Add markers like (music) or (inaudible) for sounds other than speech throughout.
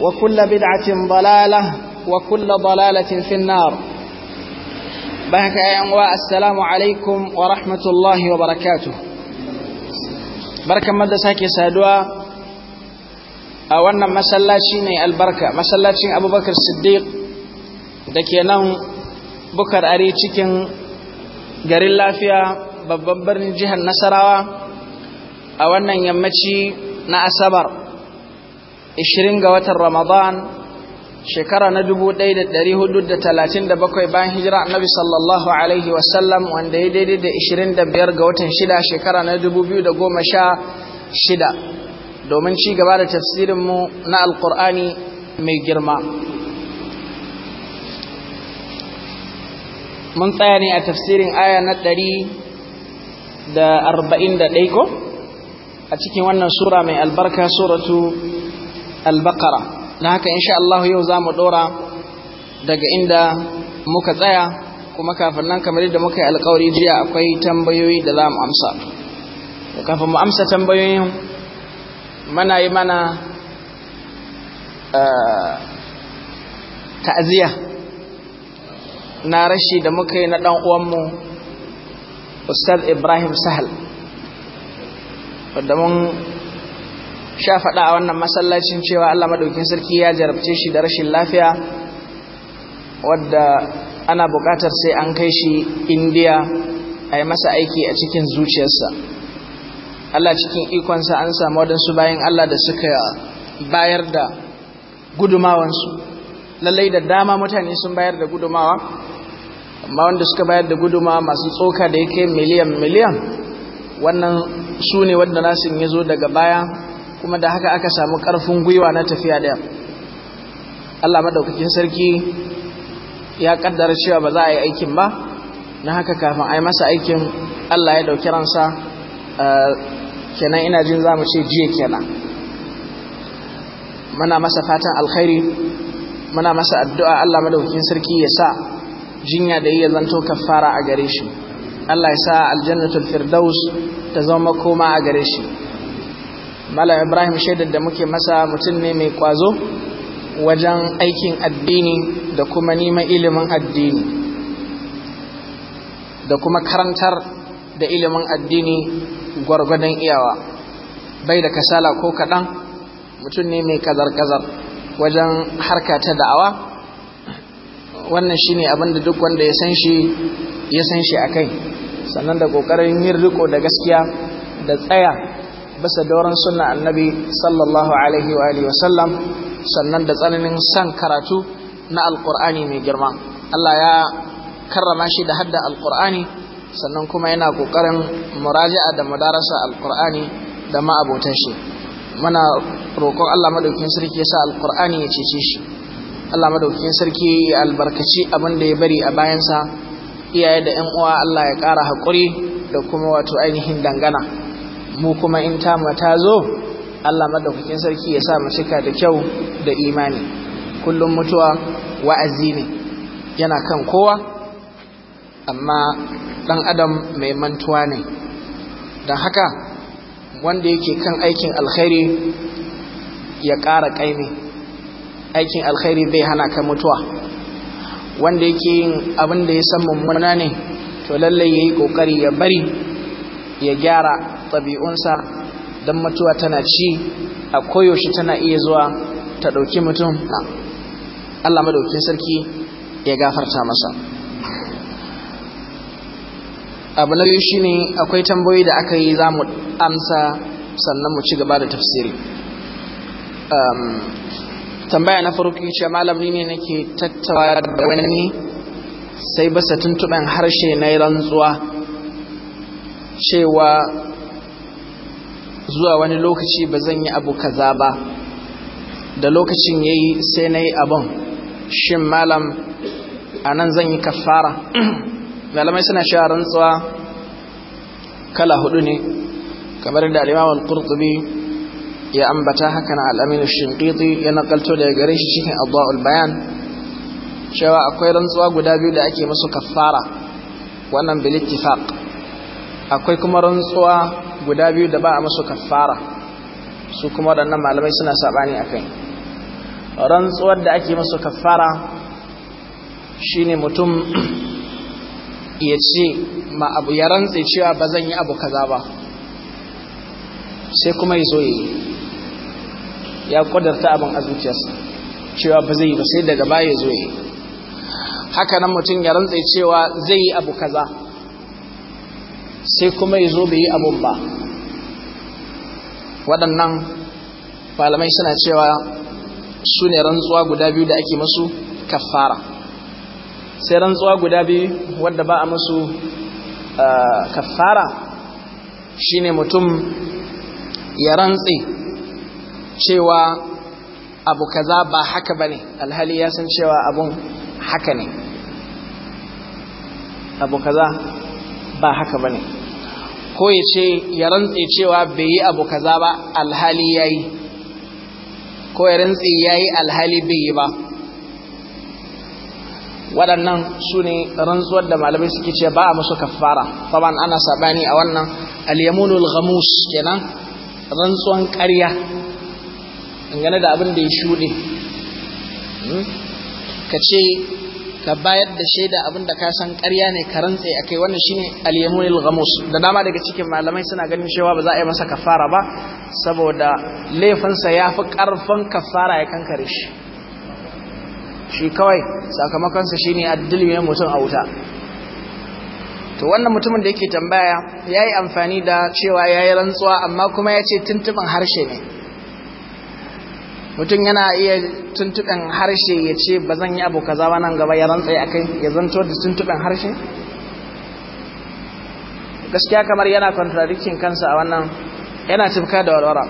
وكل بدعة ضلالة وكل ضلالة في النار بهك يا السلام عليكم ورحمة الله وبركاته بركة مدرسة كسادوا أولا مسلاتي البركة مسلاتي أبو بكر الصديق دكينا بكر أري تشيكن garin lafiya babban birnin jihar nasarawa a wannan yammaci na asabar 20 ga watan Ramadan shekara na 1437 bayan hijira annabi sallallahu alaihi wasallam wanda ya daidai da 25 ga watan 6 shekara na 2016 domin ci gaba da tafsirinmu na alkur'ani mai girma mun tsaya ne a tafsirin aya na 141 ko a cikin wannan sura mai albarka suratu al na haka insha Allah yau zamu dora daga inda muka tsaya kuma kafin nan kamar yadda muka yi alƙawari jiya akwai tambayoyi da za mu amsa kafin mu amsa tambayoyin mana yi mana eh, ta'aziyya na rashi da muka yi na dan uwanmu Ustaz Ibrahim Sahal wadda mun sha faɗa a wannan masallacin cewa Allah maɗaukin sarki ya jarabce shi da rashin lafiya wadda ana buƙatar sai an kai shi indiya a yi masa aiki a cikin zuciyarsa Allah cikin ikonsa an samu waɗansu bayan Allah da suka bayar da gudumawansu lallai da dama mutane sun bayar da gudumawa amma wanda suka bayar da gudumawa masu tsoka da yake miliyan miliyan wannan su ne wanda nasin ya zo daga baya kuma da haka aka samu karfin gwiwa na tafiya ɗaya Allah madaukakin sarki ya kaddara cewa ba za a yi aikin ba na haka kafin a yi masa aikin Allah ya ɗauki ransa kenan ina jin za mu ce jiya kenan muna masa fatan alkhairi muna masa addu'a Allah madaukakin sarki ya sa jinya da yi ya zanto kafara a gare shi Allah ya sa aljannatul firdaus ta zama koma a gare shi malam ibrahim shaidar da muke masa mutum ne mai kwazo wajen aikin addini da kuma neman ilimin addini da kuma karantar da ilimin addini gwargwadon iyawa bai da kasala ko kaɗan mutum ne mai kazar-kazar wajen harka ta da'awa wannan shi ne abinda duk wanda ya san shi ya san shi a kai sannan da ƙoƙarin yin riko da gaskiya da tsaya bisa dauran sunna annabi sallallahu alaihi wa alihi wasallam sannan da tsananin san karatu na alqur'ani mai girma Allah ya karrama shi da hadda alqur'ani sannan kuma yana kokarin muraja'a da madarasa alqur'ani da ma'abotan shi muna roƙon Allah madaukakin sarki ya sa alqur'ani ya cece shi Allah madaukakin sarki ya albarkaci abin da ya bari a bayansa iyaye da ƴan uwa Allah ya ƙara haƙuri da kuma wato ainihin dangana mu kuma in tamu ta zo Allah madaukakin sarki ya sa mu cika da kyau da imani kullum mutuwa wa'azi ne yana kan kowa amma dan adam mai mantuwa ne don haka wanda yake kan aikin alkhairi ya ƙara ƙaimi aikin alkhairi bai hana ka mutuwa wanda yake yin abin da ya san mummuna ne to lallai yayi yi ƙoƙari ya bari ya gyara ɗabi'unsa don mutuwa tana ci a koyaushe tana iya zuwa ta ɗauki mutum Allah madaukin sarki ya gafarta masa abu na shi shine akwai tambayoyi da aka yi za mu amsa sannan mu ci gaba da tafsiri tambaya na farko ce malami ne nake tattawa da wani sai basa tuntuɓen harshe na rantsuwa cewa zuwa wani lokaci ba zan yi abu kaza ba da lokacin yayi sai na yi abin shin malam a nan zan yi kafara (clears throat) malamai suna sha rantsuwa kala hudu ne kamar da alimawar kurtubi ya ambata hakan al'aminu shinkiti ya nakalto da gare shi cikin abuwa'ul bayan cewa akwai rantsuwa guda biyu da ake musu kafara wannan bilittifaq akwai kuma rantsuwa guda biyu da ba a musu kafara su kuma waɗannan malamai suna saɓani a kai rantsuwar da ake musu kafara shine mutum (clears throat) ya ce ma abu ya rantse cewa ba zan yi abu kaza ba sai kuma ya zo ya yi abin a cewa ba zai yi ba sai daga baya ya zo yi haka nan mutum ya rantse cewa zai yi abu kaza sai kuma ya zo bai yi abun ba waɗannan malamai suna cewa su ne rantsuwa guda biyu da ake masu kafara sai rantsuwa guda biyu wadda ba a masu kafara shine mutum ya rantsi cewa abu kaza ba haka ba ne alhali ya san cewa abun haka ne abu kaza ba haka ba ne. ko ya ce ya rantse cewa bai yi abu kaza ba alhali ya yi ko ya rantse ya yi alhali bai yi ba waɗannan su ne rantsuwar da malamai suke ce ba a musu kafara taban ana saɓani a wannan alyamunul ghamus kenan rantsuwan ƙarya dangane da abin da ya shuɗe hmm? ka ce ka bayar da shaida abin da ka san karya ne ka rantse a kai wannan shine al yamunil ghamus da dama daga cikin malamai suna ganin cewa ba za a yi masa kafara ba saboda laifinsa ya fi ƙarfin kafara ya kankare shi shi kawai sakamakonsa shine addilmi mutum a wuta to wannan mutumin da yake tambaya ya yi amfani da cewa ya yi rantsuwa amma kuma ya ce tuntuɓin harshe ne mutum yana iya tuntuɓen harshe ya ce ba zan yi abu kaza ba nan gaba ya rantsa a kai ya zanto da tuntuɓen harshe gaskiya kamar yana contradicting kansa a wannan yana tufka da walwara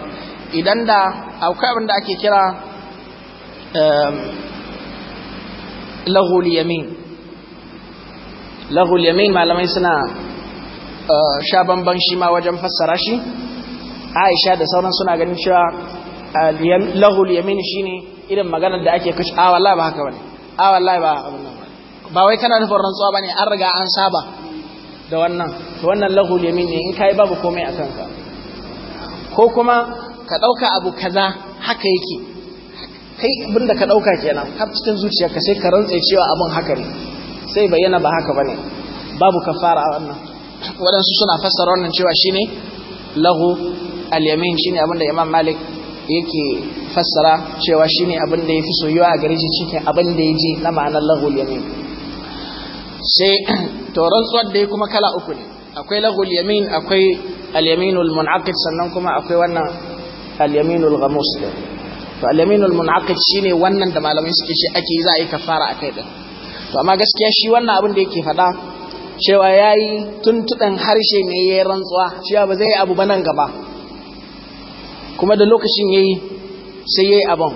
idan da akwai abin da ake kira ehm, lahul yamin malamai suna eh, sha bamban shi ma wajen fassara shi aisha da sauran suna ganin cewa lahul yamin shine irin maganar da ake kashe a wallahi ba haka bane a wallahi ba abun nan ba wai kana nufin rantsuwa bane an riga an saba da wannan to wannan lahul yamin ne in kai babu komai a kanka ko kuma ka dauka abu kaza haka yake kai abin da ka dauka kenan har cikin zuciyarka sai ka rantsa cewa abin haka ne sai bayyana ba haka bane babu kafara a wannan waɗansu suna fassara wannan cewa shine lahu al-yamin shine abin da Imam Malik yake fassara cewa shine abin da ya fi soyuwa a gare shi cikin abin da ji na ma'anar lahul yamin sai (clears throat) to rantsuwar da kuma kala uku ne akwai lahul yamin akwai alyaminul yaminul mun'aqid sannan kuma akwai wannan alyaminul yaminul da to alyaminul mun'aqid shine wannan da malamai suke shi ake za a yi kafara akai din to amma gaskiya shi wannan abin da yake faɗa cewa yayi tuntuɗan harshe ne yayi rantsuwa cewa ba zai abu ba nan gaba kuma da lokacin yayi sai yayi abin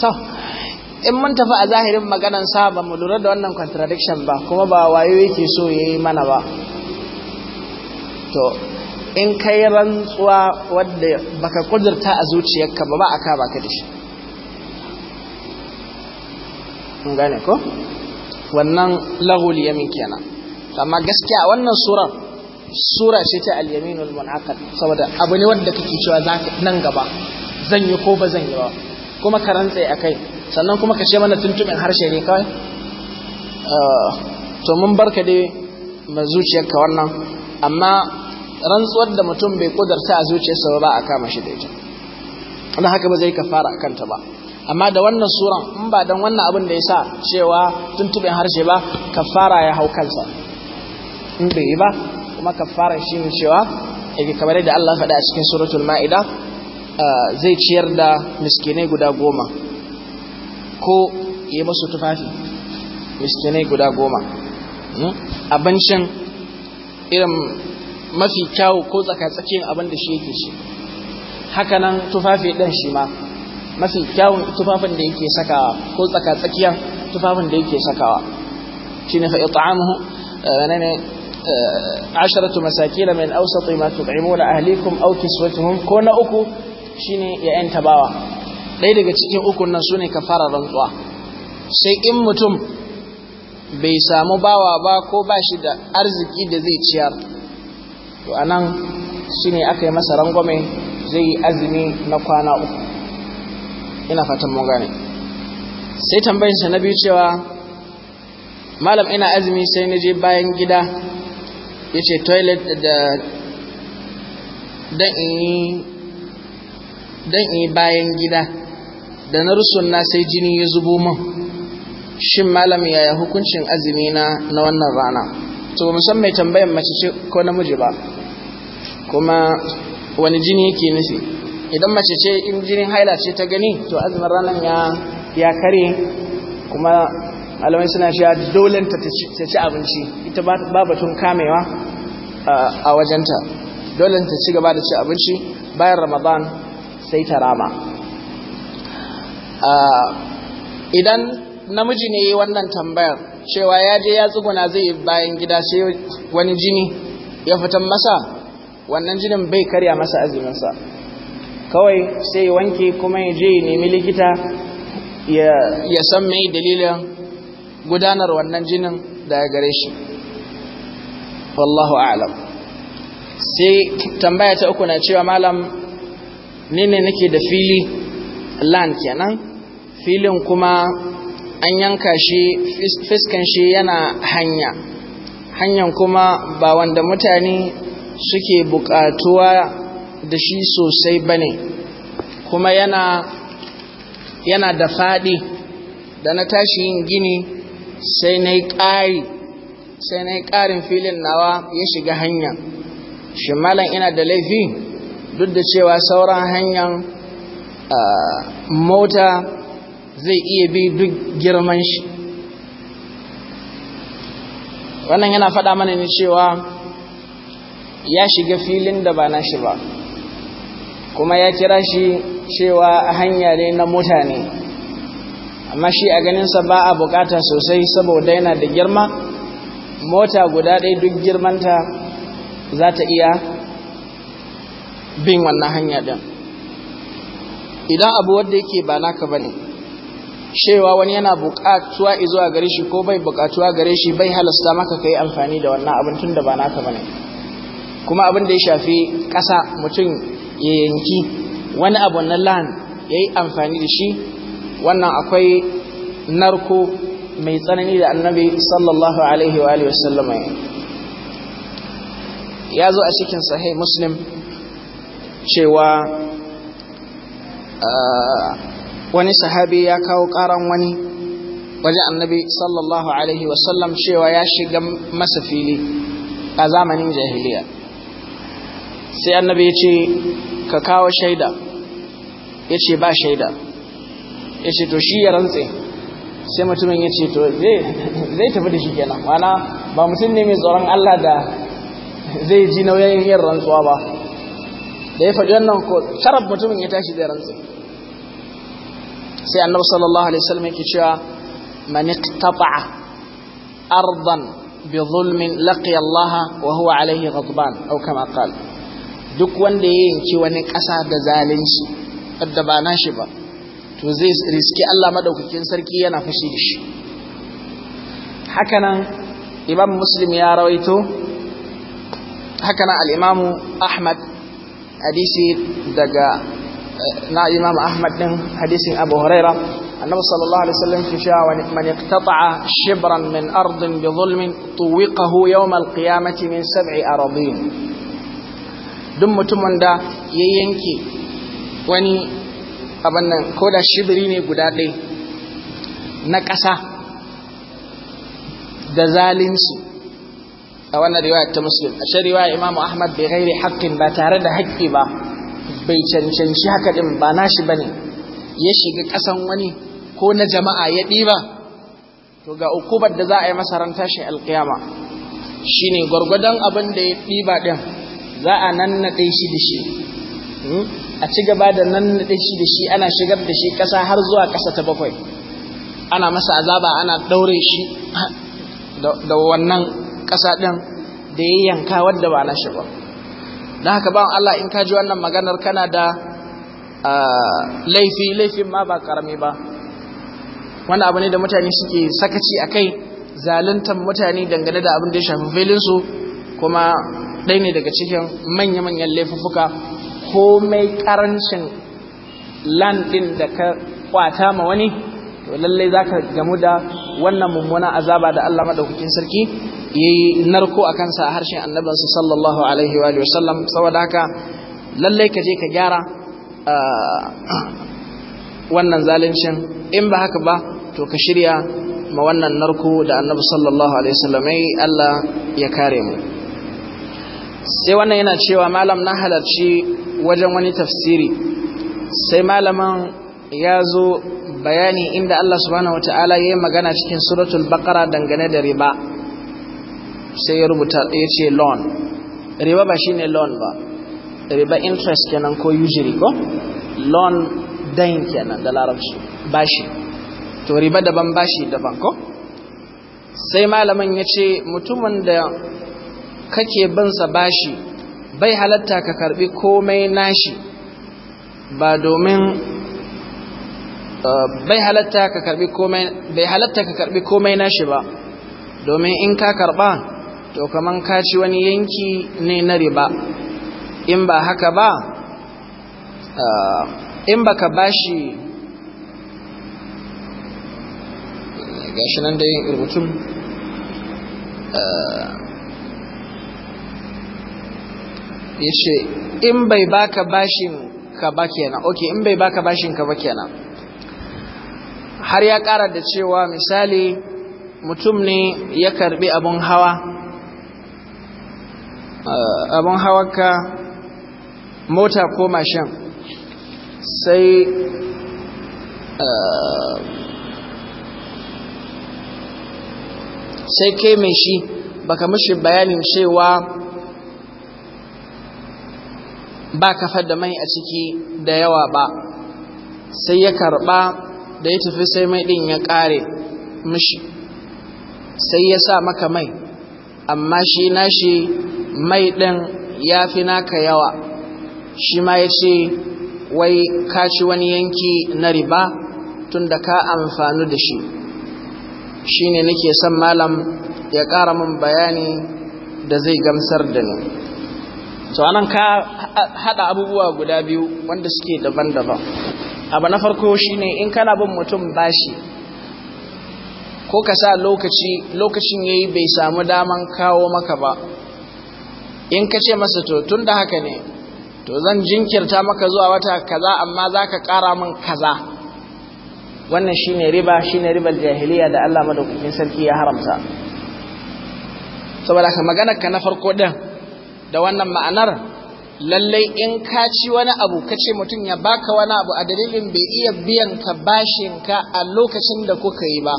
to in mun tafi a zahirin maganar sa ba mu lura da wannan contradiction ba kuma ba wayo yake so yayi mana ba to in kai rantsuwa wadda baka kudurta a zuciyarka ba ba aka baka da shi mun gane ko wannan lahul yamin kenan amma gaskiya wannan surar sura ce ta al-yaminul munaqad saboda abu ne wanda kake cewa zaka nan gaba zan yi ko ba zan yi ba kuma ka rantse kai sannan kuma ka ce mana tuntumin harshe ne kawai eh, to mun barka dai ma zuciyarka wannan amma rantsuwar da mutum bai kudarta a zuciyarsa ba a kama shi da ita na haka ba zai ka fara akan ta ba amma da wannan suran in ba dan wannan abin da ya sa cewa tuntubin harshe ba ka fara ya hau kansa in bai yi ba amma kafara shi ne cewa kamar da Allah faɗa a cikin suratul ma'ida uh, zai ciyar da miskinai guda goma ko yi masu tufafi miskinai guda goma hmm? abincin irin mafi kyau ko tsakatsakin abin da shi yake shi hakanan tufafi ɗan shi ma mafi kyawun tufafin da yake sakawa ko tsakatsakiyar tufafin da yake sakawa shi ne fa'i ta'amuhu uh, ne asharatu masakila min awsati ma tud'imuna ahlikum aw kiswatuhum ko na uku shine ya yanta bawa dai daga cikin uku nan sune kafara rantsuwa sai in mutum bai samu bawa ba ko ba shi da arziki da zai ciyar to anan shine aka yi masa rangwame zai yi azumi na kwana uku ina fatan mun gane sai tambayinsa na biyu cewa malam ina azumi sai na je bayan gida ya ce toilet da dan bayan gida da na rusunna sai jini ya zubo min shin malam yaya hukuncin azumi na na wannan rana to musamman mai tambayan mace ce ko namiji ba kuma wani jini yake nufi idan mace ce in jinin haila ce ta gani to azumin ranar ya ya kare kuma alamai suna ya dolenta ta ci abinci ita ba batun kamewa a wajenta dolenta ci gaba da ci abinci bayan ramadan sai ta rama idan namiji ne yi wannan tambayar cewa ya je ya tsuguna zai bayan gida sai wani jini ya fitan masa wannan jinin bai karya masa azuminsa kawai sai wanke kuma ya je ya nemi likita ya san mai dalilin gudanar wannan jinin daga gare shi wallahu a'lam sai tambaya ta uku na cewa malam ni ne nake da fili land kenan filin kuma an yanka shi fiskan shi yana hanya hanyan kuma ba wanda mutane suke bukatuwa da shi sosai bane kuma yana da faɗi da na tashi yin gini sai na yi ƙari sai na yi ƙarin filin nawa ya shiga hanya shi malam ina da laifi duk da cewa sauran hanyar mota zai iya bi duk girman shi wannan yana faɗa mana ne cewa ya shiga filin da ba na shi ba kuma ya kira shi cewa hanya ne na mutane amma shi a ganinsa ba a bukata sosai saboda yana da girma mota guda ɗaya duk girmanta za ta iya bin wannan hanya ɗin idan abu wanda yake ba naka ba ne shewa wani yana bukatuwa a gare shi ko bai bukatuwa gare shi bai halasta maka ka yi amfani da wannan abin tun da ba naka ba ne kuma abin da ya shafi ƙasa mutum ya yanki wani abu na land ya yi amfani da shi wannan akwai narko mai tsanani da annabi sallallahu alaihi wa alihi ya zo a cikin sahih muslim cewa ah, wani sahabi ya kawo karan wani wajen annabi sallallahu alaihi wasallam cewa ya shiga masa fili a zamanin jahiliya sai annabi ya ce ka kawo shaida ya ce ba shaida ya ce to shi ya rantse sai mutumin ya ce to zai tafi da shi kenan mana ba mutum ne mai tsoron Allah da zai ji nauyin yin rantsuwa ba da ya faɗi wannan ko sharaf mutumin ya tashi zai rantse sai annabi sallallahu alaihi wasallam yake cewa man iqtata'a ardan bi zulmin laqiya Allah wa huwa alaihi ghadban aw kama qala duk wanda ya yanki wani ƙasa da zalunci da ba nashi ba to zai riski Allah madaukakin sarki yana fushi da shi hakanan imam muslim ya rawaito hakanan al'imamu ahmad hadisi daga eh, na imam ahmad din hadisin abu huraira annabi sallallahu alaihi wasallam ke cewa man iqtata'a shibran min ardin bi zulmin tuwiqahu yawm al-qiyamati min sab'i aradin duk mutumin da ya yanke wani abin nan ko da shibiri ne guda ɗaya na ƙasa da zalunci a wannan riwayar ta muslim a shari'a imamu ahmad bai gairi haƙƙin ba tare da haƙƙi ba bai cancanci haka ɗin ba nashi ba ne ya shiga ƙasan wani ko na jama'a ya ɗiba to ga ukubar da za a yi masa ran tashi alƙiyama ne gwargwadon abin da ya ɗiba ɗin za a nannaɗe shi da shi hmm? a ci gaba da nan da shi da shi ana shigar da shi ƙasa har zuwa ƙasa ta bakwai ana masa azaba ana ɗaure shi da wannan ƙasa ɗin da ya yanka wadda ba na shi ba don haka ba Allah in ka ji wannan maganar kana da laifi laifin ma ba ƙarami ba wani abu ne da mutane suke sakaci a kai zaluntar mutane dangane da abin da ya shafi filinsu kuma ɗaya ne daga cikin manya-manyan laifuffuka komai ƙarancin land ɗin da ka kwata ma wani to lallai zaka gamu da wannan mummuna azaba da Allah madaukakin sarki yi narko kansa a harshen annabinsa sallallahu alaihi wa sallam saboda haka lallai ka je ka gyara ah, wannan zaluncin in ba haka ba to ka shirya ma wannan narko da annabi sallallahu alaihi wasallam Allah ya kare mu sai wannan yana cewa malam na halarci wajen wani tafsiri sai malaman ya zo bayani inda Allah subhanahu wa ta'ala ya yi magana cikin suratul bakara dangane da riba sai ya rubuta ya ce loan riba ba shi ne loan ba riba interest kenan ko usury ko loan dain kenan da larabci ba shi to riba daban ba shi daban ko sai malamin ya ce mutumin da kake binsa bashi bai halatta ka karbi komai nashi ba domin uh, bai halatta ka karbi komai bai halatta ka karbi komai nashi ba domin in ka karba to kaman ka ci wani yanki ne na riba in ba haka ba uh, in baka bashi gashi nan da yin rubutun uh, ya in bai baka bashin ka ba kenan ok in bai baka bashin ka ba kenan har ya ƙara da cewa misali mutum ne ya karbi abin hawa eh, abun ka mota ko mashin sai eh, sai kai mai shi baka mashi bayanin cewa ba kafa da mai a ciki da yawa ba sai ya karba da ya tafi sai mai din ya kare mishi sai ya sa maka mai amma shi nashi mai din ya fi naka yawa shi ma ya ce wai ka ci wani yanki na riba tun da ka amfanu da shi shi ne nake son malam ya ƙara min bayani da zai gamsar da ni to anan ka hada abubuwa guda biyu wanda suke daban-daban abu na farko shine in kana bin mutum bashi ko ka sa lokaci lokacin yayi bai samu daman kawo maka ba in ka ce masa to tun da haka ne to zan jinkirta maka zuwa wata kaza amma za ka kara min kaza wannan shine riba shine ribar jahiliya da Allah madaukakin sarki ya haramta saboda ka magana ka na farko din da wannan ma'anar lallai in ka ci wani abu ka ce mutum ya baka wani abu a dalilin bai iya biyan ka bashin ka a lokacin da kuka yi ba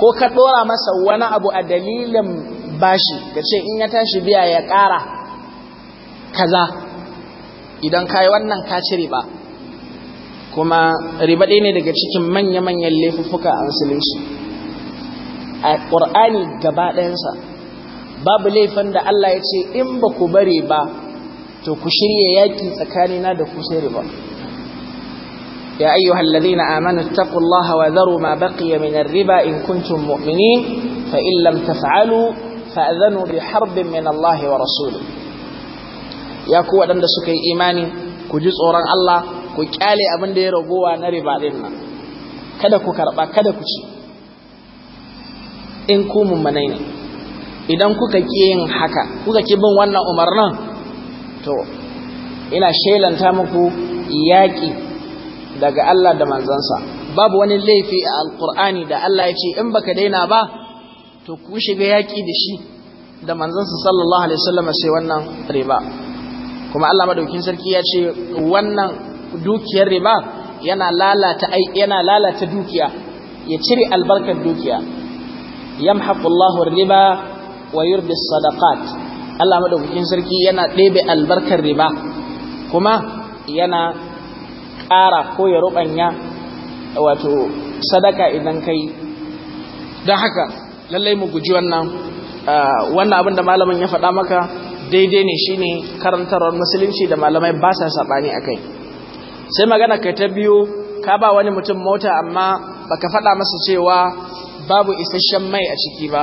ko ka ɗora masa wani abu a dalilin bashi ka ce in ya tashi biya ya ƙara kaza idan ka yi wannan ka ci riba kuma riba ɗaya ne daga cikin manya-manyan laifuffuka a musulunci a ƙur'ani gaba ɗayansa babu laifin da Allah ya ce in ba ku bare ba to ku shirya yaƙi tsakanina da ku sai riba ya ayyuhal ladina amanu taqullaha wa dharu ma baqiya min ar-riba in kuntum mu'minin fa in lam taf'alu fa'dhanu bi harbin min Allah wa rasulih ya ku waɗanda suka yi imani ku ji tsoron Allah ku kyale abin da ya ragowa na riba din nan kada ku karba kada ku ci in kumun mummanai ne idan kuka ki yin haka kuka ki bin wannan umarnin to ina shelanta muku yaƙi daga Allah da manzansa babu wani laifi a alƙur'ani da Allah ya ce in baka daina ba to ku shiga yaƙi da shi da manzansa sallallahu alaihi wasallam sai wannan riba kuma Allah madaukin sarki ya ce wannan dukiyar riba yana lalata yana lalata dukiya ya cire albarkar dukiya yamhaqullahu riba wa yurbi sadaqat Allah madaukakin sarki yana ɗebe albarkar riba kuma yana ƙara ko ya ruɓanya wato sadaka idan kai don haka lallai mu guji wannan wannan abin da malamin ya faɗa maka daidai ne shine karantarwar musulunci da malamai ba sa saɓani a kai sai magana kai ta biyu ka ba wani mutum mota amma baka faɗa masa cewa babu isasshen mai a ciki ba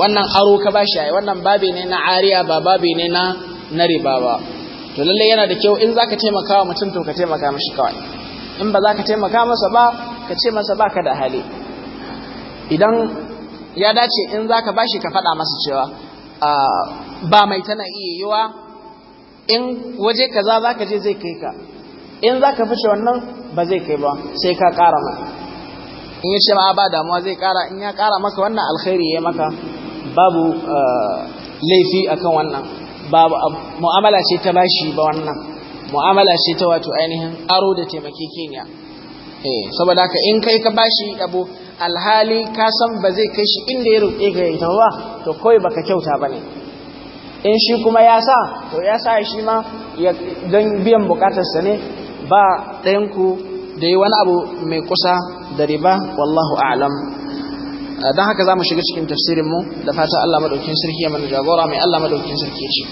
wannan aro ka bashi shi wannan babi ne na ariya ba babi ne na na riba ba to lalle yana da kyau in zaka taimaka wa mutum to ka taimaka mishi kawai in ba zaka taimaka masa ba ka ce masa baka da hali idan ya dace in zaka bashi ka faɗa masa cewa ah, ba mai tana iya yiwa in waje kaza zaka je zai kai ka in zaka fice wannan ba zai kai ba sai ka ƙara mai in ya ce ma ba damuwa zai kara in ya kara maka wannan alkhairi ya maka babu eh, laifi akan wannan babu mu'amala ce ta bashi ba wannan mu'amala ce ta wato ainihin aro da taimakekeniya eh saboda haka in kai ka bashi abu alhali ka san ba zai kai shi inda ya roƙe ka ita ba to kawai baka kyauta bane in shi kuma ya sa to ya sa shi ma don biyan bukatarsa ne ba ku. da wani abu mai kusa da riba wallahu a'lam eh, dan haka za mu shiga cikin tafsirin mu da fata Allah maɗaukin sarki ya mana jagora mai Allah maɗaukin sarki ce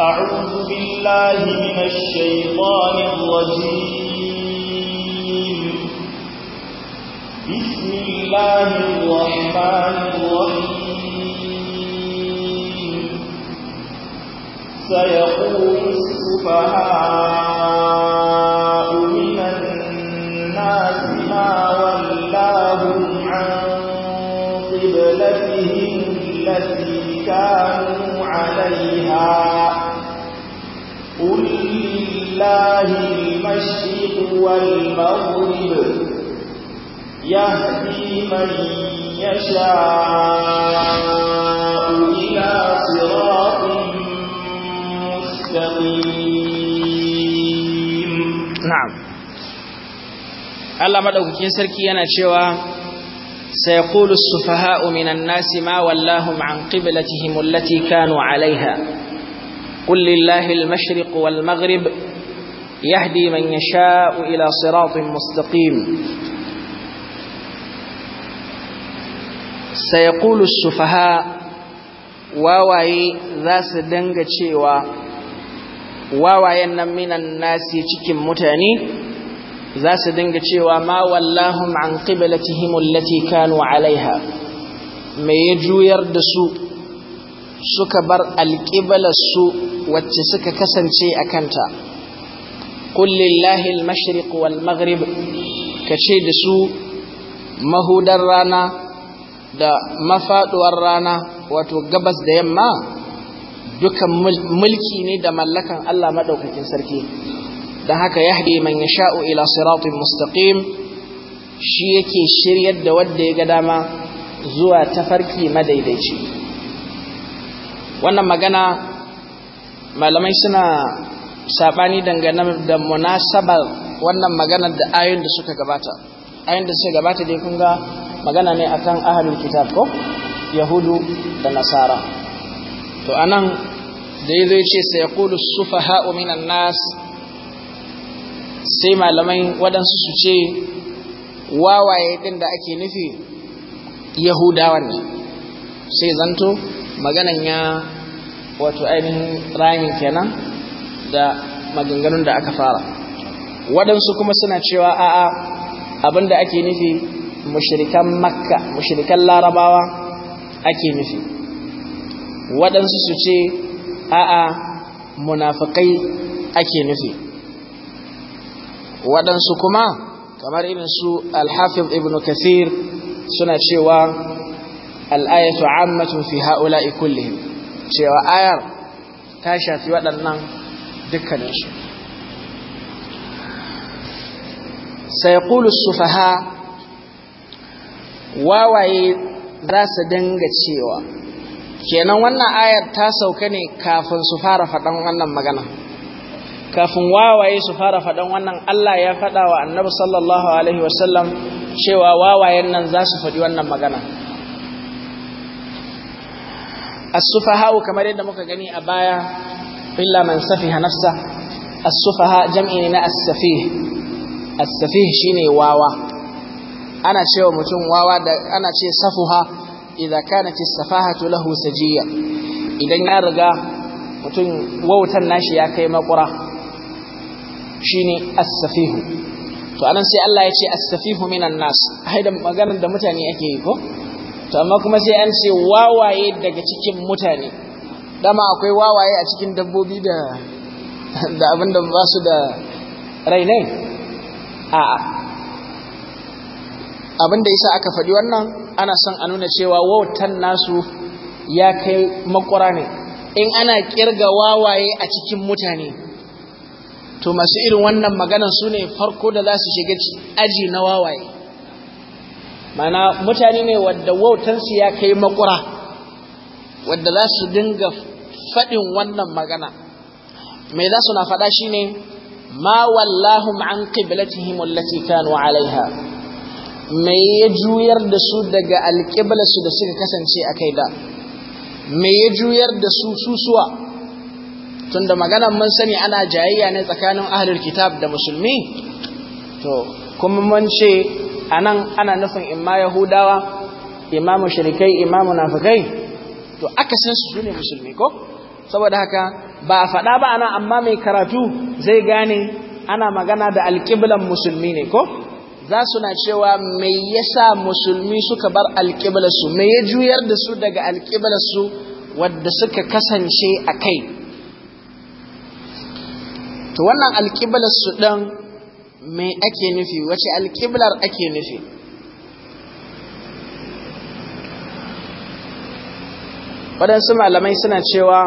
أعوذ بالله من الشيطان الرجيم بسم الله الرحمن الرحيم سيقول السفهاء الناس ما ولاهم عن قبلتهم التي كانوا عليها قل لله المشرق والمغرب يهدي من يشاء إلى صراط مستقيم نعم Allah madaukakin sarki yana cewa sayaqulu as-sufaha'u minan nasi ma wallahum an qiblatihim allati kanu 'alayha qul lillahi al-mashriq wal maghrib yahdi man yasha'u ila siratin mustaqim sayaqulu as-sufaha' wawaye za su danga cewa wawayen nan minan nasi cikin mutane za su dinga cewa ma wallahum an ta allati kanu alaiha me ya juyar da su suka bar alqiblar su wacce suka kasance a kanta qul lillahi al wal maghrib kace da su mahudar rana da mafaduwar rana wato gabas da yamma dukan mulki ne da mallakan Allah maɗaukakin sarki da haka yahdi man shau ila siratin mustaqim shi yake shiryar da wanda ya ga dama zuwa tafarki madaidaici wannan magana malamai suna sabani dangane da munasabar wannan magana da ayoyin da suka gabata ayoyin da suka gabata dai kun magana ne akan ahlul kitab ko yahudu da nasara to anan da yazo yace sayaqulu sufaha'u minan nas sai malamai waɗansu su ce wawaye ɗin da ake nufi yahudawa ne sai zanto maganan ya wato ainihin rayin kenan da maganganun da aka fara waɗansu kuma suna cewa a'a abin da ake nufi mushirikan makka mushirikan larabawa ake nufi waɗansu su ce a'a munafakai ake nufi waɗansu kuma kamar irin su alhafiz ibn kasir suna cewa al'ayatu ammatun fi ha'ula'i ikulli. cewa ayar ta shafi waɗannan dukkaninsu sai sufaha wawaye za su dinga cewa kenan wannan ayar ta sauka ne kafin su fara faɗan wannan magana kafin wawaye su fara faɗan wannan Allah ya faɗa wa annabi sallallahu alaihi wasallam cewa wawaye nan za su faɗi wannan magana as-sufaha'u kamar yadda muka gani a baya illa man safiha nafsa as-sufaha jam'i ne na a safih as-safih wawa ana cewa mutum wawa da ana ce safuha idza kanat as-safahatu lahu sajiyya idan ya riga mutum wautan nashi ya kai makura shine as-safihu to anan sai Allah ya ce as-safihu minan nas haida maganar da mutane ake yi ko to amma kuma sai an ce wawaye daga cikin mutane dama akwai wawaye a cikin dabbobi da da abinda ba su da rai ne a abinda yasa aka faɗi wannan ana son a nuna cewa wautan nasu ya kai makwara ne in ana kirga wawaye a cikin mutane to masu irin wannan maganan su ne farko da za su shiga aji na wawaye mana mutane ne wadda wautansu ya kai makura wadda za su dinga faɗin wannan magana mai za su na faɗa shi ne ma wallahum an qiblatihim allati kanu alaiha me ya juyar da su daga alƙiblarsu da suka kasance a kai da me ya juyar da su susuwa tunda magana mun sani ana jayayya ne tsakanin ahlul kitab da musulmi to kuma mun ce anan ana nufin imma yahudawa imma mushrikai imma munafikai to san su ne musulmi ko saboda haka ba a faɗa ba ana amma mai karatu zai gane ana magana da alƙiblan musulmi ne ko za su na cewa mai yasa musulmi suka bar alƙiblarsu mai ya juyar da su daga alƙiblarsu wadda suka kasance a kai to wannan alƙiblar su ɗan me ake nufi wace alƙiblar ake nufi waɗansu malamai suna cewa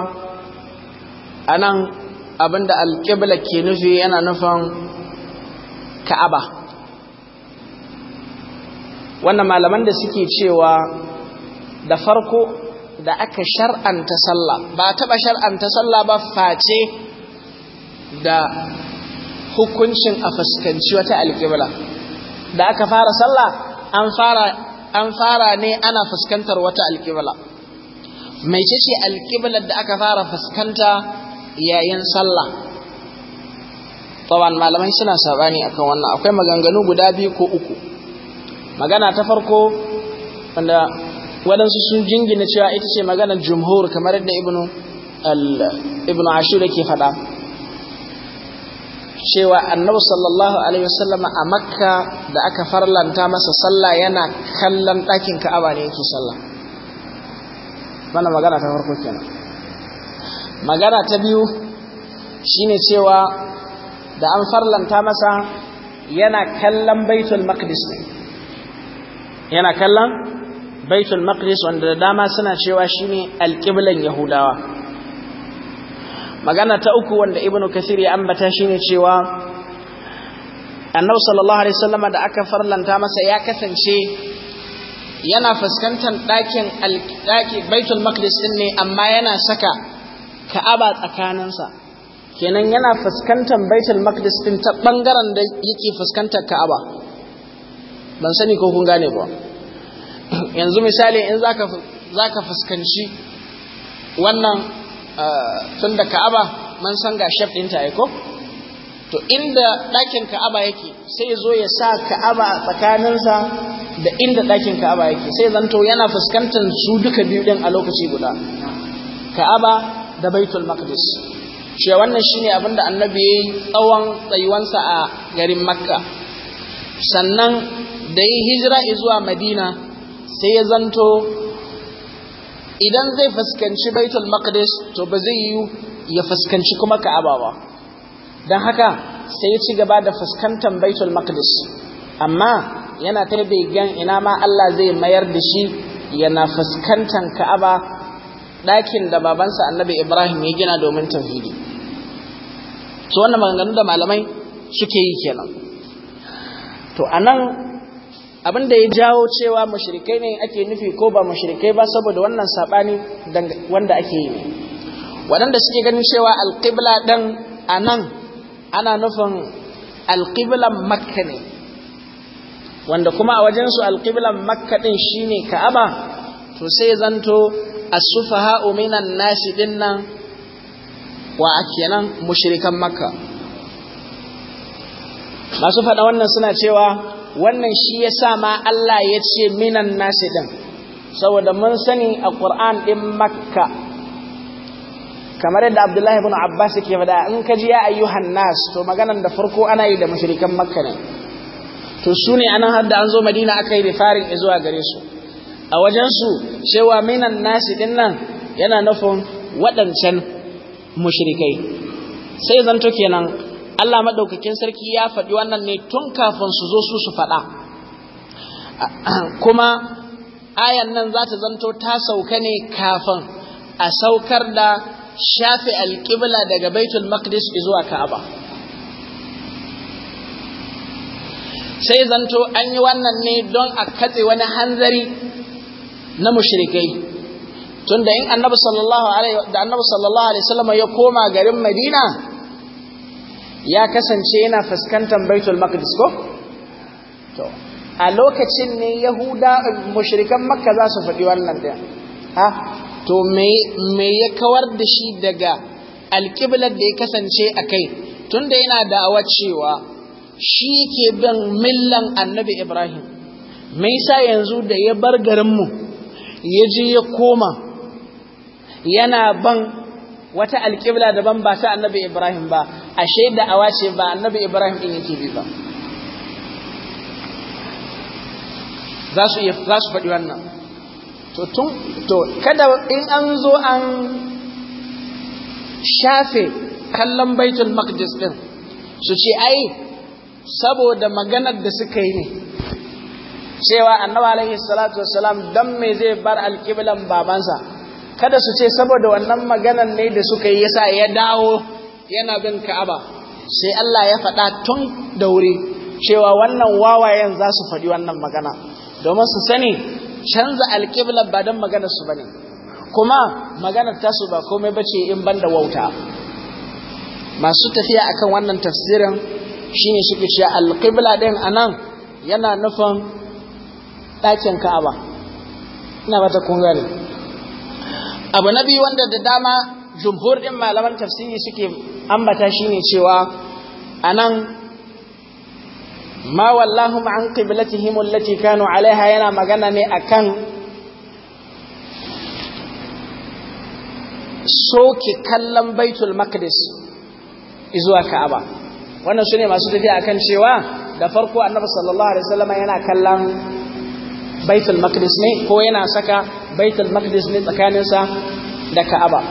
anan nan abinda alƙiblar ke nufi yana nufin ka'aba wannan malaman da suke cewa da farko da aka shar'anta sallah ba taɓa shar'anta sallah ba face da hukuncin a fuskanci wata alƙibla da aka fara sallah an fara ne ana fuskantar wata alƙibla mai ce ce alƙibla da aka fara fuskanta yayin sallah tsawon malamai suna sabani akan wannan akwai maganganu guda biyu ko uku magana ta farko wanda waɗansu sun jingina cewa ita ce maganar jumhur kamar yadda ibnu ibnu ashur yake faɗa cewa annabi sallallahu alaihi wasallam a makka da aka farlanta masa sallah yana kallon ɗakin ka'aba ne yake sallah wannan magana ta farko kenan magana ta biyu shine cewa da an farlanta masa yana kallon baitul maqdis ne yana kallon baitul maqdis wanda da dama suna cewa shine alƙiblan yahudawa magana ta uku wanda ibnu kasir ya ambata shine cewa annabi sallallahu alaihi wasallam da aka farlanta masa ya kasance yana fuskantar ɗakin daki baitul maqdis din ne amma yana saka ka'aba tsakaninsa kenan yana fuskantar baitul maqdis din ta bangaren da yake fuskantar ka'aba ban sani ko kun gane ba yanzu misali in zaka zaka fuskanci wannan Eh, tun da ka'aba man san ga shaf ɗinta ya ko to inda ɗakin ka'aba yake sai zo ya sa ka'aba tsakaninsa da inda ɗakin ka'aba yake sai zanto yana fuskantar su duka biyu ɗin a lokaci guda ka'aba da baitul maqdis shi wannan shine abin da annabi ya yi tsawon tsayuwansa a garin makka sannan da yi hijira zuwa madina sai ya zanto idan zai fuskanci baitul maqdis to ba zai yi ya fuskanci kuma ka'aba ba don haka sai ya ci gaba da fuskantar baitul maqdis amma yana ta begen ina ma Allah zai mayar da shi yana fuskantar ka'aba ɗakin da babansa annabi ibrahim ya gina domin tauhidi to wannan maganganu da malamai suke yi kenan to anan abin da ya jawo cewa mashirikai ne ake nufi ko ba mashirikai ba saboda wannan saɓani wanda ake yi waɗanda suke ganin cewa alƙibla ɗan a nan ana nufin alƙiblan makka ne wanda kuma a wajensu alƙiblan makka ɗin shi ne ka'aba to sai zanto asufaha minan nasi ɗin nan wa a kenan mashirikan makka masu faɗa wannan suna cewa wannan shi ya sa ma Allah ya ce minan nasi ɗin saboda mun sani a ƙur'an ɗin makka kamar yadda abdullahi bin abbas ke faɗa in ka ji ya ayyuhan nas to maganan da farko ana yi da mashirikan makka ne to su ne anan har da an zo madina aka yi rifarin zuwa gare su a wajensu cewa minan nasi ɗin nan yana nufin waɗancan mushrikai sai zanto kenan Allah madaukakin sarki ya faɗi wannan ne tun kafin su zo su su faɗa kuma ayan nan za ta zanto ta sauka ne kafin a saukar da shafe alƙibla daga baitul maqdis zuwa ka'aba sai zanto an yi wannan ne don a katse wani hanzari na mushrikai tunda in sallallahu alaihi da annabi sallallahu alaihi wasallam ya koma garin madina ya kasance yana fuskantar baitul maqdis ko to a lokacin ne yahuda mushrikan makka za su faɗi wannan da ha to me me ya kawar da shi daga alƙiblar da ya kasance a kai tunda yana awa cewa shi ke bin millan annabi ibrahim me yasa yanzu da ya bar garinmu ya je ya koma yana ban wata alƙibla daban ba ta annabi Ibrahim ba ashe da'awa ce ba annabi Ibrahim din yake bi ba za su faɗi wannan to tun to kada in an zo an shafe kallon baitul maqdis ɗin, su ce ai saboda maganar da suka yi ne cewa annabi alaihi salatu wassalam dan me zai bar alƙiblan babansa kada su ce saboda wannan maganan ne da suka yi yasa ya dawo yana bin ka'aba sai Allah ya faɗa tun da wuri cewa wannan wawayen za su faɗi wannan magana domin su sani canza alƙiblar ba don maganar su bane kuma maganar tasu ba komai bace in ban da wauta masu tafiya akan wannan tafsirin shine suke cewa alƙibla din anan yana nufin ɗakin ka'aba ina ba ta kun gane abu na biyu wanda da dama jumhur din malaman tafsiri suke ambata shine cewa anan ma wallahum an qiblatihim allati kanu alaiha yana magana ne akan soke kallon baitul maqdis izuwa ka'aba wannan shine masu tafiya akan cewa da farko annabi sallallahu alaihi wasallam yana kallon baitul maqdis ne ko yana saka baitul maqdis ne tsakaninsa da ka'aba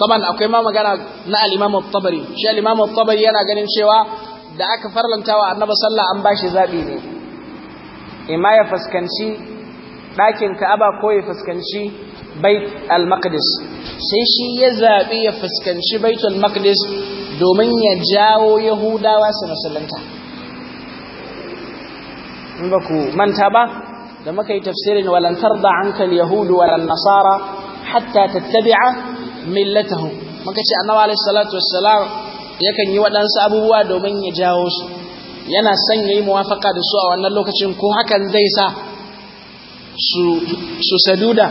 saban akwai ma magana na al-imam at-tabari shi al-imam at-tabari yana ganin cewa da aka farlantawa annabi sallah an bashi zabi ne imma ya fuskanci ɗakin ka'aba ko ya fuskanci bait maqdis sai shi ya zabi ya fuskanci baitul maqdis domin ya jawo yahudawa su musulunta in ba ku manta ba da muka yi tafsirin walan da hankali yahudu walan nasara hatta tattabi'a millatahu muka ce annabi alaihi salatu wassalam yakan yi waɗansu abubuwa domin ya jawo su yana son ya yi muwafaka da su a wannan lokacin ko hakan zai sa su saduda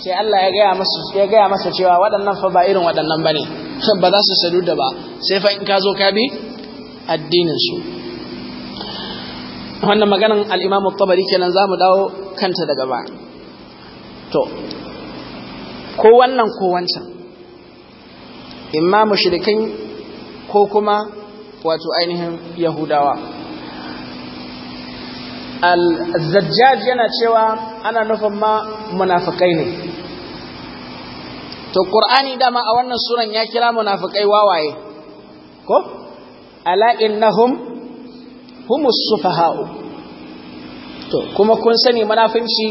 sai Allah ya gaya masa ya gaya masa cewa waɗannan fa ba irin waɗannan bane ba za su saduda ba sai fa in ka zo ka bi addinin su wannan maganan al tabari kenan mu dawo kanta daga ba to ko wannan ko wancan imamu shirikin ko kuma wato ainihin yahudawa al-zajjaj yana cewa ana nufin ma munafikai ne to qur'ani dama a wannan suran ya kira munafikai wawaye ko ala innahum humus sufaha'u to kuma kun sani munafinci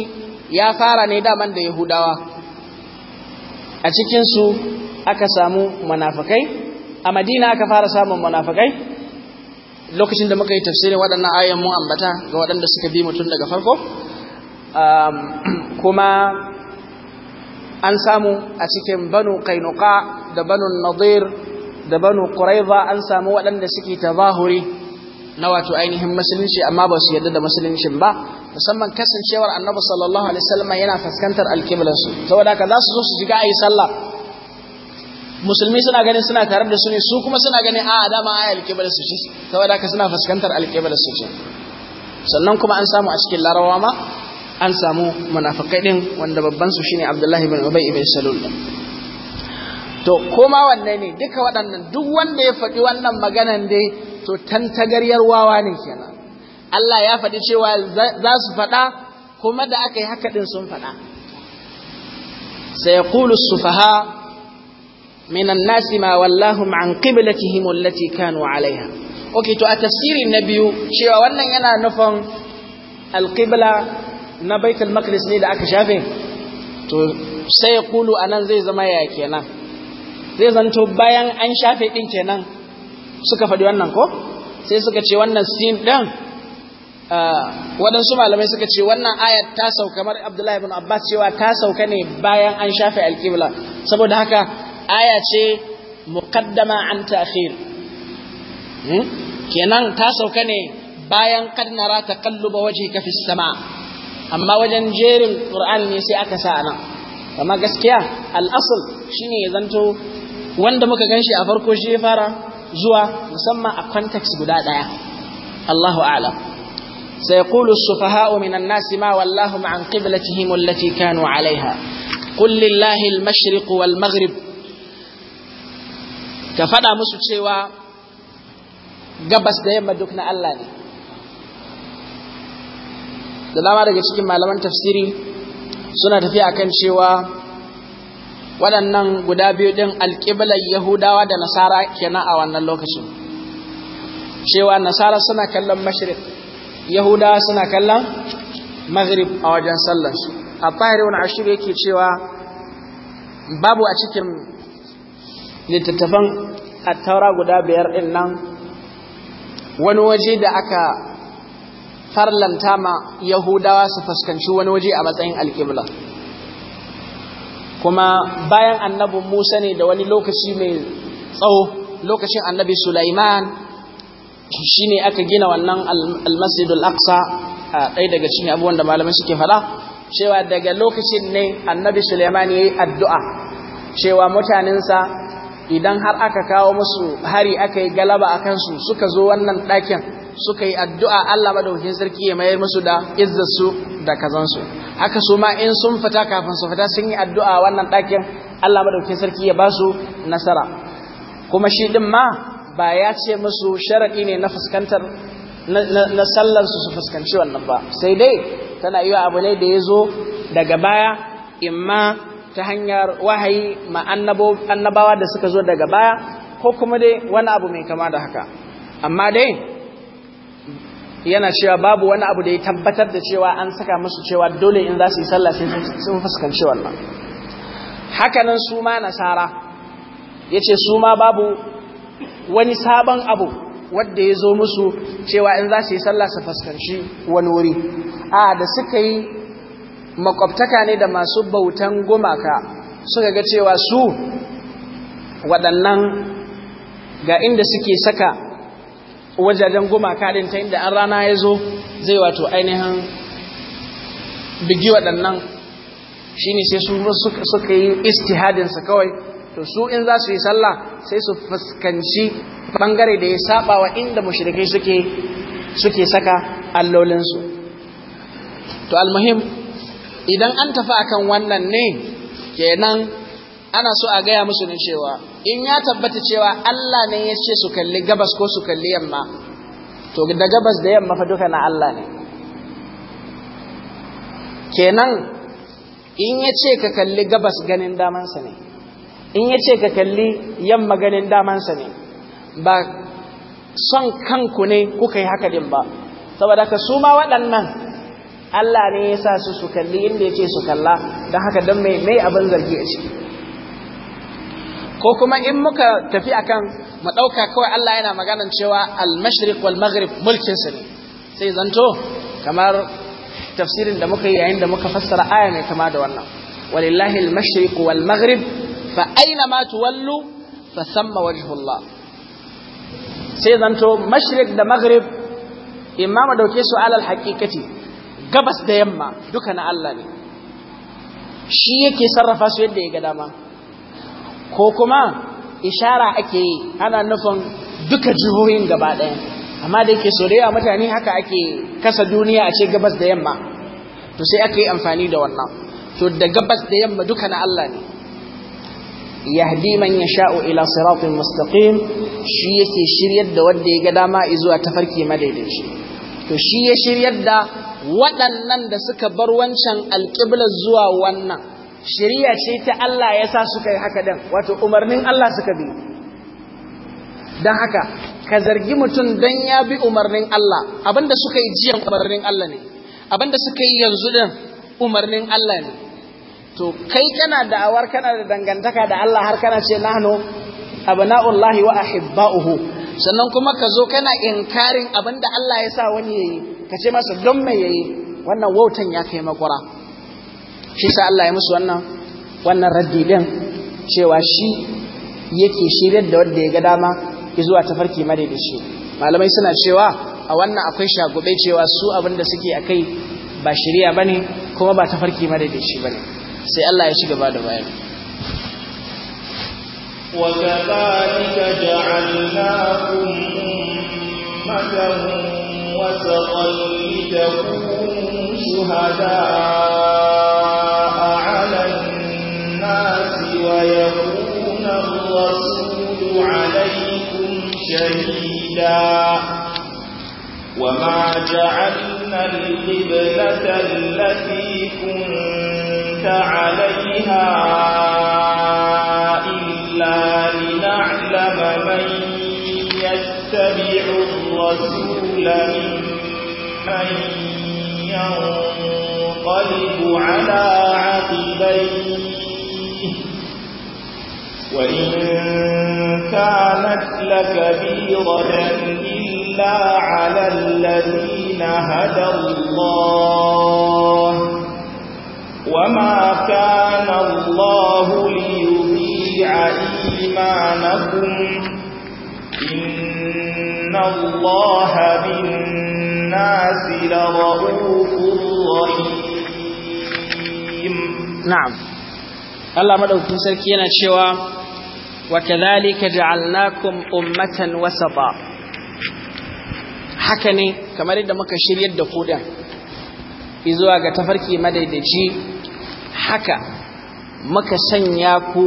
ya fara ne daman da yahudawa a cikin su aka samu munafikai a madina aka fara samun munafikai lokacin da muka yi tafsirin waɗannan ayan mu ambata ga waɗanda suka bi mutum daga farko (clears throat) kuma an samu a cikin banu kainuka da banu nadir da banu ƙuraiza an samu waɗanda suke tazahuri na wato ainihin musulunci amma ba su yarda da musuluncin ba musamman kasancewar annabi sallallahu alaihi wasallam yana fuskantar alkiblansu saboda haka za su zo su shiga ayi sallah musulmi suna ganin suna tare da su ne su kuma suna ganin a dama ayi su ce saboda haka suna fuskantar su ce sannan kuma an samu a cikin larawa ma an samu munafikai din wanda babban su shine Abdullahi ibn Ubay ibn Salul to koma wanne ne duka waɗannan duk wanda ya faɗi wannan maganan dai to tantagaryar wawa ne kenan Allah ya faɗi cewa za su faɗa kuma da aka yi haka ɗin sun faɗa sai kulu sufaha minan nasi ma wallahu an qiblatihim allati kanu alaiha okay to a tasiri na biyu cewa wannan yana nufin alqibla na baitul maqdis ne da aka shafe to sai kulu anan zai zama ya kenan zai zanto bayan an shafe ɗin kenan suka faɗi wannan ko sai suka ce wannan sin ɗin ah, waɗansu malamai suka ce wannan ayat ta sauka kamar abdullahi ibn abbas cewa ta sauka ne bayan an shafe alƙibla saboda haka aya ce muqaddama an ta'khir hmm? kenan ta sauka ne bayan kad nara taqalluba wajhika fis sama amma wajen jerin qur'ani ne sai aka sa anan. amma gaskiya al-asl shine zanto wanda muka ganshi a farko shi ya fara zuwa musamman a context guda ɗaya Allahu a'lam sai yaqulu as-sufaha'u minan nasi ma wallahu ma'an qiblatihim allati kanu 'alayha qul lillahi al-mashriq wal maghrib ka faɗa musu cewa gabas da yamma duk na Allah ne da daga cikin malaman tafsiri suna tafiya akan cewa waɗannan guda biyu ɗin alƙiblar yahudawa da nasara kenan a wannan lokacin cewa nasara suna kallon mashirik yahudawa suna kallon maghrib a wajen sallarsu a fahari wani ashirin yake cewa babu a cikin littattafan attaura guda biyar ɗin nan wani waje da aka farlanta ma yahudawa su fuskanci wani waje a matsayin alƙiblar kuma bayan annabin Musa ne da wani lokaci mai tsawo lokacin annabi Sulaiman shi ne aka gina wannan almasjid al-aqsa a ɗaya daga cikin abubuwan da malamai suke fada cewa daga lokacin ne annabi Sulaiman ya yi addu'a cewa mutanensa idan har aka kawo musu hari aka yi galaba a kansu suka zo wannan ɗakin suka yi addu'a Allah madaukakin sarki ya mayar musu da izzarsu da kazansu haka su ma in sun fita kafin su fita sun yi addu'a wannan ɗakin Allah madaukakin sarki ya ba su nasara kuma shi ɗin ma ba ya ce musu sharaɗi ne na fuskantar na sallar su su fuskanci wannan ba sai dai tana yi abu ne da ya zo daga baya in ma ta hanyar wahayi ma annabawa da suka zo daga baya ko kuma dai wani abu mai kama da haka amma dai yana cewa babu wani abu da ya tabbatar da cewa an saka musu cewa dole in za su yi sallah sai sun fuskanci wannan hakanan su ma nasara ya ce su ma babu wani sabon abu wadda ya zo musu cewa in za su yi sallah su fuskanci wani wuri a da suka yi makwabtaka ne da masu bautan gumaka suka ga cewa su waɗannan ga inda suke saka wajajen gumaka din ta inda an rana ya zo zai wato ainihin bigi waɗannan shi ne sai suka yi istihadinsa kawai to su in za su yi sallah sai su fuskanci ɓangare da ya saba wa inda mashirikai suke saka allolinsu to almuhim idan an tafi akan wannan ne kenan ana so a gaya musu ne cewa in ya tabbata cewa Allah ne ya ce su kalli gabas ko su kalli yamma to da gabas da yamma fa duka na Allah ne kenan in ya ce ka kalli gabas ganin damansa ne in ya ce ka kalli yamma ganin damansa ne ba son kanku ne kuka yi haka din ba saboda ka su ma waɗannan Allah ne ya sa su su kalli inda ya ce su kalla don haka don mai mai abin zargi a ciki ko kuma in muka tafi akan mu ɗauka kawai Allah yana maganan cewa al-mashriq wal maghrib mulkin sa ne sai zanto kamar tafsirin da muka yi yayin da muka fassara aya mai kama da wannan walillahi al-mashriq wal maghrib fa aina ma tuwallu fa thamma wajhullah sai zanto mashriq da maghrib imma mu dauke su alal haqiqati gabas da yamma duka na Allah ne shi yake sarrafa su yadda ya ga dama ko kuma ishara ake yi ana nufin duka jihohin gaba ɗaya amma da yake so da mutane haka ake kasa duniya a ce gabas da yamma to sai aka yi amfani da wannan to da gabas da yamma duka na Allah ne yahdi man yasha'u ila siratin mustaqim shi yake shiryar da wanda ya ga dama zuwa tafarki madaidaici to shi ya shiryar da waɗannan da suka bar wancan alƙiblar zuwa wannan shari'a ce ta Allah ya sa suka yi haka dan wato umarnin Allah suka bi dan haka ka zargi mutum dan ya bi umarnin Allah abinda suka yi jiyan umarnin Allah ne abinda suka yi yanzu din umarnin Allah ne to kai kana da'awar kana da dangantaka da Allah har kana ce nahnu abna'ullahi wa ahibba'uhu sannan kuma ka zo kana inkarin abinda Allah ya sa wani yayi ka ce masa don me yayi wannan wautan ya kai makwara shi sa Allah ya musu wannan wannan raddi din cewa shi yake shiryar da wanda ya ga dama zuwa tafarki mare da shi malamai suna cewa a wannan akwai shagube cewa su abin da suke akai ba shiriya bane kuma ba tafarki mare da shi bane sai Allah ya ci gaba da bayani وكذلك جعلناكم أمة وسطا لتكونوا شهداء على الناس ويكون الرسول عليكم شهيدا وما جعلنا القبلة التي كنت عليها إلا لنعلم من يتبع الرسول ممن ينقلب على عقبيه وإن كانت لكبيرة إلا على الذين هدى الله وما كان الله ليضيع إيمانكم إن الله بالله الناس لرؤوف رحيم نعم الله مدوكين سركي yana cewa وكذلك جعلناكم أمة وسطا haka ne kamar yadda muka shiryar da ku din zuwa ga tafarki madaidaici haka muka sanya ku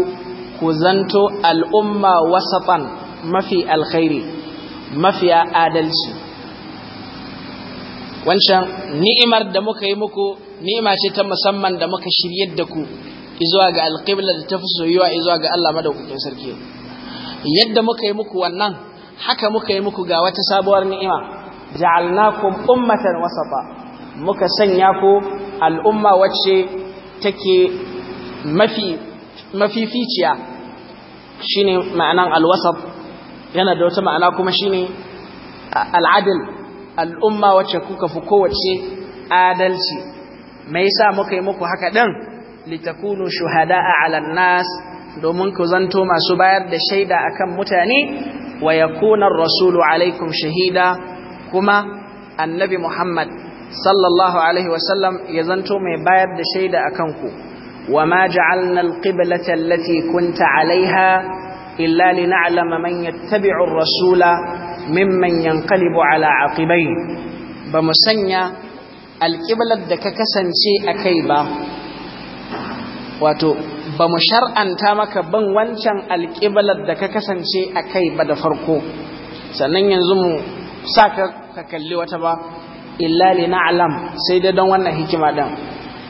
ku zanto al'umma wasatan mafi alkhairi mafiya adalci wancan ni'imar da muka yi muku ni'ima ce ta musamman da muka shiryar da ku izuwa ga alƙibla da ta fi soyuwa izuwa ga Allah madaukakin sarki yadda muka yi muku wannan haka muka yi muku ga wata sabuwar ni'ima ja'alnakum ummatan wasafa muka sanya ku al'umma wacce take mafi mafificiya shine ma'anan alwasaf yana da wata ma'ana kuma shine al'adl al'umma wacce kuka fi kowace adalci mai sa muka yi muku haka ɗin litakunu shuhada a alannas domin ku zanto masu bayar da shaida akan mutane wa yakunar rasulu alaikum shahida kuma annabi muhammad sallallahu alaihi wasallam ya zanto mai bayar da shaida akan ku wa ma ja'alna alqiblata allati kunta alaiha illa lin'alama man yattabi'u rasula mimman yankalibu ala aqibai ba mu sanya alƙiblar da ka kasance a kai ba wato ba mu shar'anta maka ban wancan alƙiblar da ka kasance a kai ba da farko sannan yanzu mu sa ka kalli wata ba illa li na'lam sai da don wannan hikima dan.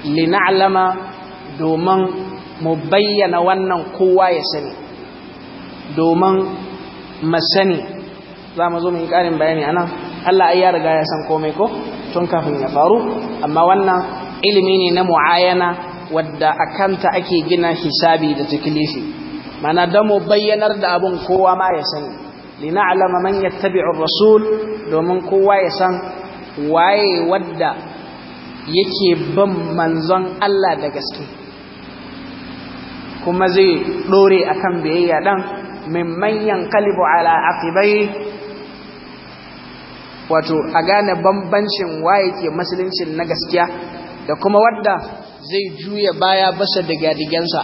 li na'lama domin mu bayyana wannan kowa ya sani domin masani za mu zo mu yi ƙarin bayani anan Allah ai ya riga ya san komai ko tun kafin ya faru amma wannan ilimi ne na mu'ayana wadda akanta ake gina hisabi da tikilifi mana da mu bayyanar da abun kowa ma ya sani lina'lama man yattabi'ur rasul domin kowa ya san waye wadda yake bin manzon Allah da gaske kuma zai dore akan biyayya dan manyan kalibu ala aqibai wato a gane bambancin waye ke musuluncin na gaskiya da kuma wadda zai juya baya basa daga digensa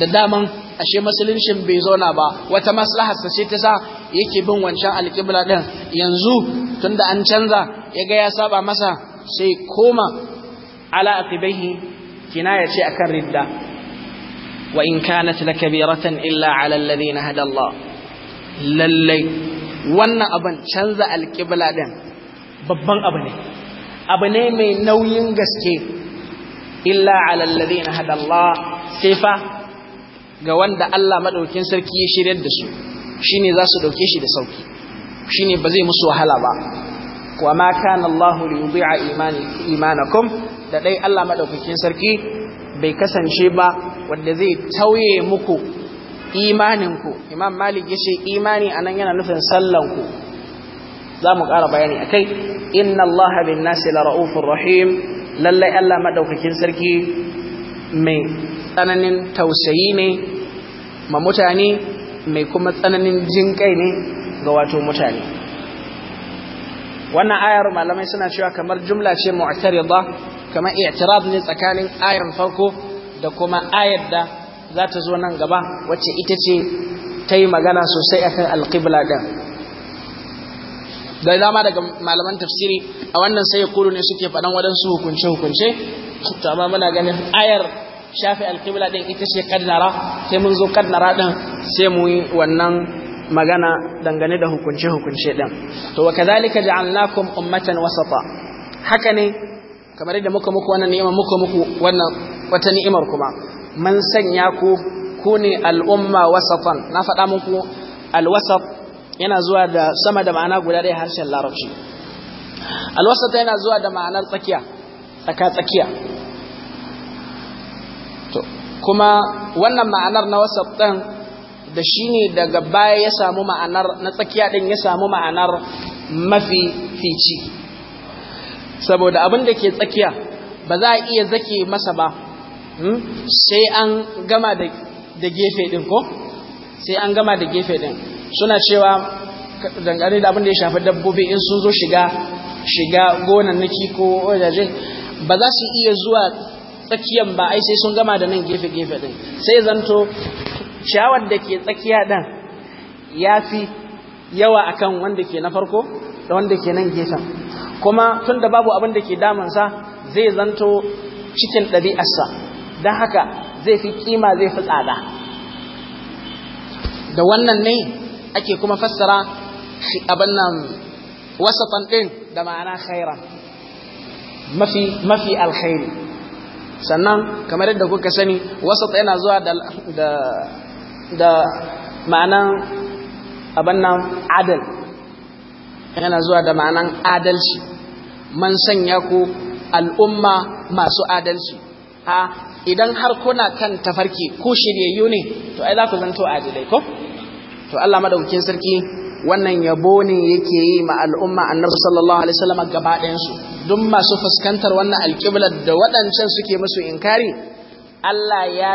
da daman ashe musuluncin bai zauna ba wata maslahar sai ta sa yake bin wancan alƙibla ɗin yanzu tunda an canza ya ga ya saba masa sai koma ala aqibaihi kinaya ce akan ridda wa in kanat lakabiratan illa ala alladhina hada Allah lallai wannan abin canza alƙibla ɗin babban abu ne abu ne mai nauyin gaske illa alallazi na hadallah sai fa ga wanda Allah maɗaukin sarki ya shiryar da su shine za su ɗauke shi da sauki shine ba zai musu wahala ba wa ma kana Allahu liyudhi'a imanakum da dai Allah madaukakin sarki bai kasance ba wanda zai tauye muku imaninku imam malik yace imani anan yana nufin ku za mu ƙara bayani a kai inna Allah bin nasi la rahim lallai Allah maɗaukakin sarki mai tsananin tausayi ne ma mutane mai kuma tsananin jinƙai ne ga wato mutane wannan ayar malamai suna cewa kamar jumla ce mu'tarida kamar i'tirad ne tsakanin ayar farko da kuma ayar da za ta zo nan gaba wacce ita ce ta yi magana sosai akan alqibla din da dama daga malaman tafsiri a wannan sai kulu ne suke faɗan waɗansu hukunce-hukunce to amma muna ganin ayar shafi alƙibla ɗin ita ce kadnara sai mun zo kadnara ɗin sai mu yi wannan magana dangane da hukunce-hukunce ɗin to wa kadhalika ja'alnakum ummatan wasata haka ne kamar yadda muka muku wannan ni'ima muka muku wannan wata ni'imar kuma mun sanya ku ku ne al'umma wasatan na faɗa muku alwasat yana zuwa da sama da ma'ana guda ɗaya harshen larabci alwasata yana zuwa da ma'anar tsakiya tsaka-tsakiya kuma wannan ma'anar na wasat ɗin da shi ne daga baya ya samu ma'anar na tsakiya ɗin ya samu ma'anar mafi fici saboda abin da ke tsakiya ba za a iya zake masa ba hmm? sai an gama da gefe ɗin ko sai an gama da gefe ɗin suna cewa dangane da abin da ya shafi dabbobi in sun zo shiga shiga gonannaki ko wajaje ba za su iya zuwa tsakiyan ba ai sai sun gama da nan gefe-gefe din sai zanto ciyawar da ke tsakiya din ya fi yawa akan wanda ke na farko da wanda ke nan gefen kuma tun da babu abin da ke damansa zai zanto cikin ɗabi'arsa don haka zai fi kima zai fi tsada da wannan ne ake kuma fassara abin nan wasafan ɗin da ma'ana khaira mafi mafi alkhairi sannan kamar yadda kuka sani wasat yana zuwa da da ma'anan abin nan adal yana zuwa da ma'anan adalci man sanya ku al'umma masu adalci ha idan har kuna kan tafarki ko shiryayyu ne to ai za ku zanto adilai ko to Allah madaukakin sarki wannan yabo ne yake yi ma al'umma annabi sallallahu alaihi wasallam gaba ɗayan su duk masu fuskantar wannan alƙiblar da waɗancan suke musu inkari Allah ya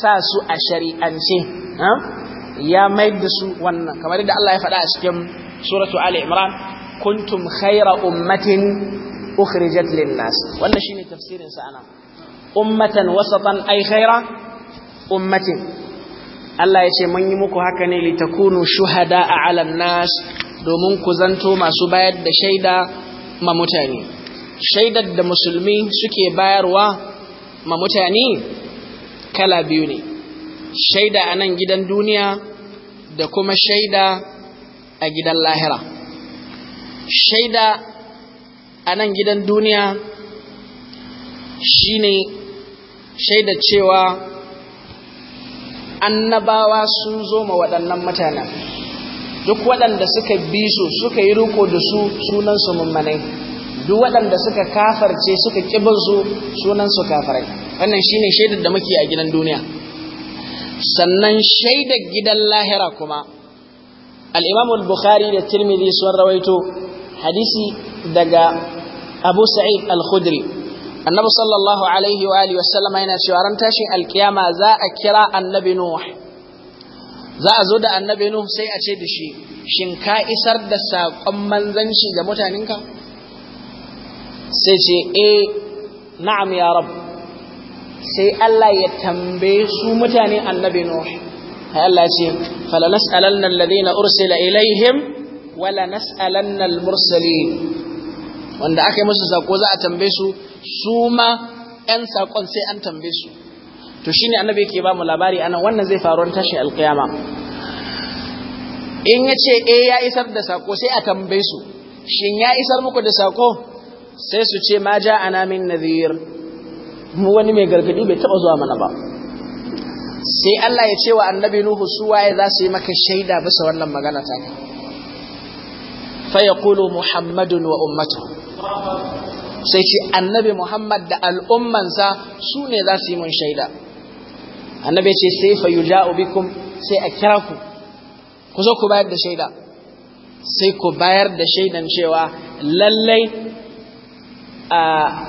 sa su a shari'ance ya mai da su wannan kamar yadda Allah ya faɗa a cikin suratu Ali Imran kuntum khaira ummatin ukhrijat lin-nas wannan shine tafsirin sa anan ummatan wasatan ay khaira ummatin Allah ya ce mun yi muku haka ne litakunu shuhada a alan nas domin ku zanto masu bayar da shaida ma mutane shaidar da musulmi suke bayarwa ma mutane kala biyu ne shaida a nan gidan duniya da kuma shaida a gidan lahira shaida a nan gidan duniya shine shaida cewa annabawa sun zo ma waɗannan mutanen duk waɗanda suka bi su suka yi riko da su sunansu mummanai duk waɗanda suka kafarce suka ƙibin su sunansu kafarai wannan shine shaidar da muke a gidan duniya sannan shaidar gidan lahira kuma al bukhari da tirmidhi sun rawaito hadisi daga abu sa'id al-khudri annabi sallallahu alaihi wa alihi wasallama yana cewa ran tashin alkiyama za a kira annabi nuh za a zo da annabi nuh sai a ce da shi shin ka isar da saƙon manzanci ga mutanenka sai ce e, na'am ya rab sai Allah ya tambaye su mutanen annabi nuh sai Allah ya ce fala nas'alanna alladhina ursila ilaihim wala nas'alanna al-mursalin wanda aka yi musu sako za a tambaye su su ma ‘yan saƙon sai an tambaye su to shine annabi yake ba mu labari ana wannan zai faru tashi alƙiyama in ya ce e ya isar da saƙo sai a tambaye su shin ya isar muku da saƙo sai su ce ma ja ana min nadhir mu wani mai gargadi bai taɓa zuwa mana ba sai Allah ya ce wa annabi Nuhu su waye za su yi maka shaida bisa wannan magana ta ka fa yaqulu muhammadun wa ummatuhu sai ce annabi Muhammad da al'ummansa su ne za su yi mun shaida annabi ce sai fa ubi bikum sai a kira ku ku zo ku bayar da shaida sai ku bayar da shaidan cewa lallai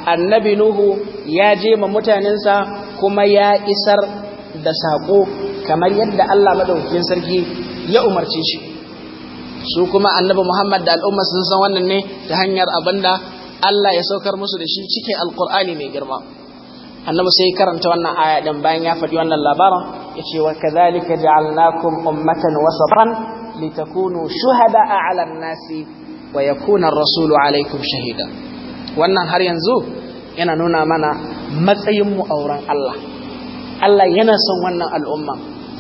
annabi Nuhu ya je ma mutanensa kuma ya isar da saƙo kamar yadda Allah madaukakin sarki ya umarce shi su kuma annabi Muhammad da al'umma sun san wannan ne ta hanyar abinda Allah ya saukar musu da shi cikin alkur'ani mai girma annabi sai karanta wannan aya dan bayan ya faɗi wannan ya yace wa kadhalika ja'alnakum ummatan wasatan litakunu shuhada'a 'ala an-nasi wa yakuna ar-rasulu 'alaykum shahida wannan har yanzu yana nuna mana matsayin mu auren Allah Allah yana son wannan al'umma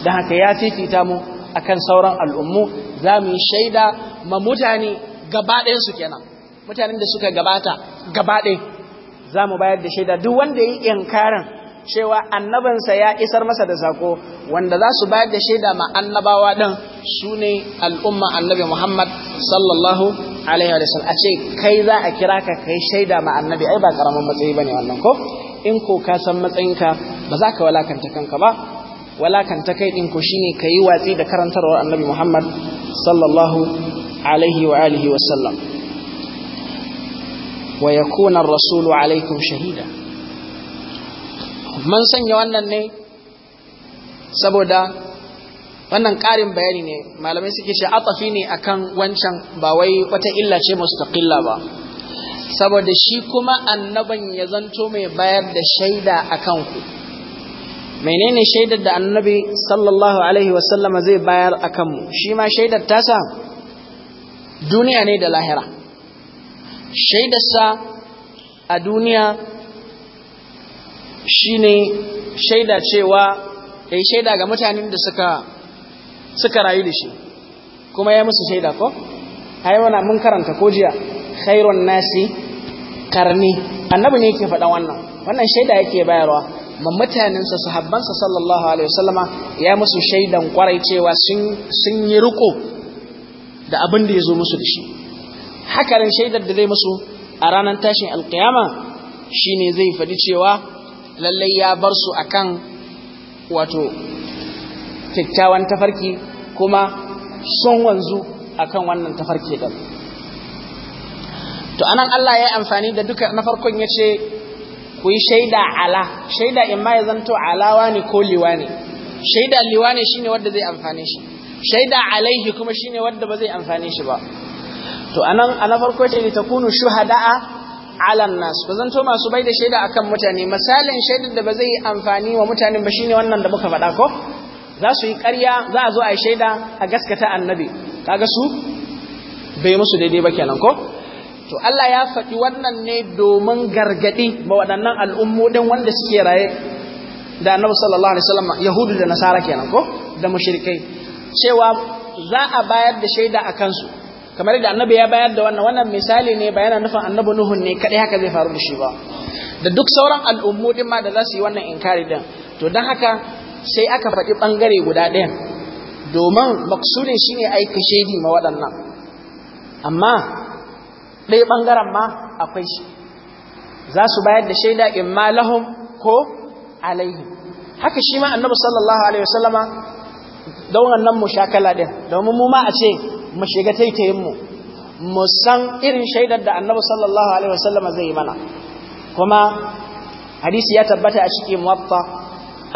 dan haka ya fifita mu akan sauran al'ummu za mu yi shaida ma mutane gaba ɗayansu su kenan mutanen da suka gabata gabaɗe za mu bayar da shaida duk wanda ya yi inkarin cewa annabansa ya isar masa da sako wanda za su bayar da shaida ma annabawa ɗin su ne al'umma annabi muhammad sallallahu alaihi wa a ce kai za a kira ka kai shaida ma annabi ai ba karamin matsayi ba ne wannan ko in ko ka san matsayinka ba za ka walakanta kanka ba walakanta kai ɗin ko shine ka yi watsi da karantarwar annabi muhammad sallallahu alaihi wa alihi wa sallam wa yakuna ar-rasulu alaikum shahida mun sanya wannan ne saboda wannan ƙarin bayani ne malamai suke ce atafi ne akan wancan ba wai wata illa ce mustaqilla ba saboda shi kuma annaban ya zanto mai bayar da shaida a ku. menene shaidar da annabi sallallahu alaihi wasallama zai bayar a mu? shi ma shaidar tasa duniya ne da lahira shaidarsa a duniya shi ne shaida cewa ya yi shaida ga mutanen da suka rayu da shi kuma ya musu shaida ko haiwana mun karanta ko jiya khairun nasi karni annabi ne yake faɗa wannan wannan shaida yake bayarwa ma mutanensa sahabbansa sallallahu alaihi wasallama ya musu shaidan kwarai cewa sun yi riko da abin da ya zo musu da shi hakarin shaidar da zai musu a ranar tashin alkiyama ne zai faɗi cewa lallai ya bar su akan wato kyakkyawan tafarki kuma sun wanzu akan wannan tafarki ɗan to anan Allah ya yi amfani da duka na farkon ya ce ku yi shaida ala shaida in ma ya zanto alawa ne ko liwa ne shaida liwa ne shine wanda zai amfane shi shaida alaihi kuma shine wanda ba zai amfane shi ba to anan ana farko ce ta kunu shuhada'a alan nas ku zanto masu bai da shaida akan mutane misalin shaidar da ba zai amfani wa mutanen ba shine wannan da muka faɗa ko za su yi ƙarya za a zo a yi shaida a gaskata annabi kaga su bai musu daidai ba kenan ko to Allah ya faɗi wannan ne domin gargadi ba waɗannan al'ummodin wanda suke raye da annabi sallallahu alaihi wasallam yahudu da nasara kenan ko da mushrikai cewa za a bayar da shaida a kansu kamar da annabi ya bayar da wannan wannan misali ne yana nufin annabi nuhun ne kadai haka zai faru da shi ba da duk sauran al'ummu din ma da za su yi wannan inkari din to dan haka sai aka faɗi ɓangare guda ɗaya domin maksudin shine ai shaidi ma waɗannan amma ɗaya ɓangaren ma akwai shi za su bayar da shaida in ma ko alaihi haka shi ma annabi sallallahu alaihi wasallama don wannan mushakala din domin mu ma a ce mu shiga taitayin mu mu san irin shaidar da annabi sallallahu alaihi wasallam zai yi mana kuma hadisi ya tabbata a cikin muwatta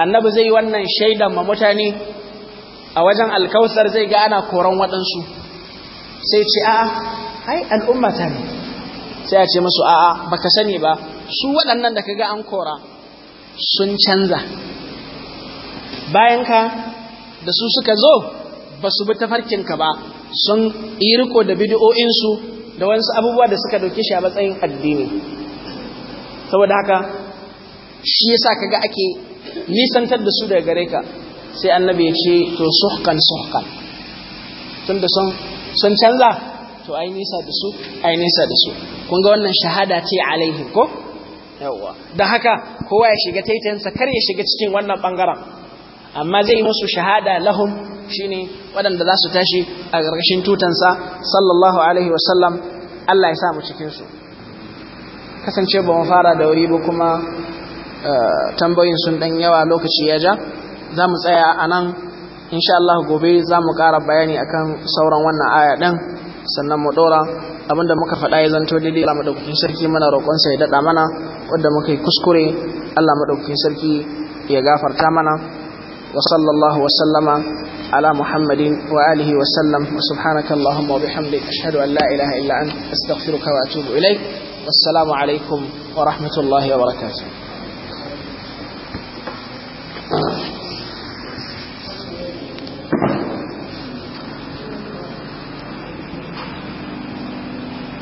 annabi zai yi wannan shaidan ma mutane a wajen alkausar zai ga ana koran waɗansu sai ce a'a ai al'umma ne sai a ce musu a'a baka sani ba su waɗannan da kaga an kora sun canza bayan ka da su suka zo ba su bi ka ba sun yi riko da bidiyo'insu da wani abubuwa da suka dauke shi a matsayin addini saboda haka shi yasa kaga ake nisantar da su daga gare ka sai annabi ya ce to suhkan suhkan tunda sun sun canza to ai nisa da su ai nisa da su kun ga wannan shahada ce alaihi ko yawwa dan haka kowa ya shiga taitayensa kar ya shiga cikin wannan bangaren amma zai yi musu shahada lahum shine waɗanda za su tashi a ƙarƙashin tutansa sallallahu alaihi wasallam Allah ya samu cikinsu kasance ba mu fara da wuri ba kuma eh, tambayin sun ɗan yawa lokaci ya ja za mu tsaya a nan insha Allah gobe za mu ƙara bayani akan sauran wannan aya ɗin sannan mu ɗora da muka faɗa ya zanto daidai Allah maɗaukakin sarki mana roƙonsa ya daɗa mana wanda muka yi kuskure Allah maɗaukakin sarki ya gafarta mana وصلى الله وسلم على محمد وآله وسلم وسبحانك اللهم وبحمدك أشهد أن لا إله إلا أنت أستغفرك وأتوب إليك والسلام عليكم ورحمة الله وبركاته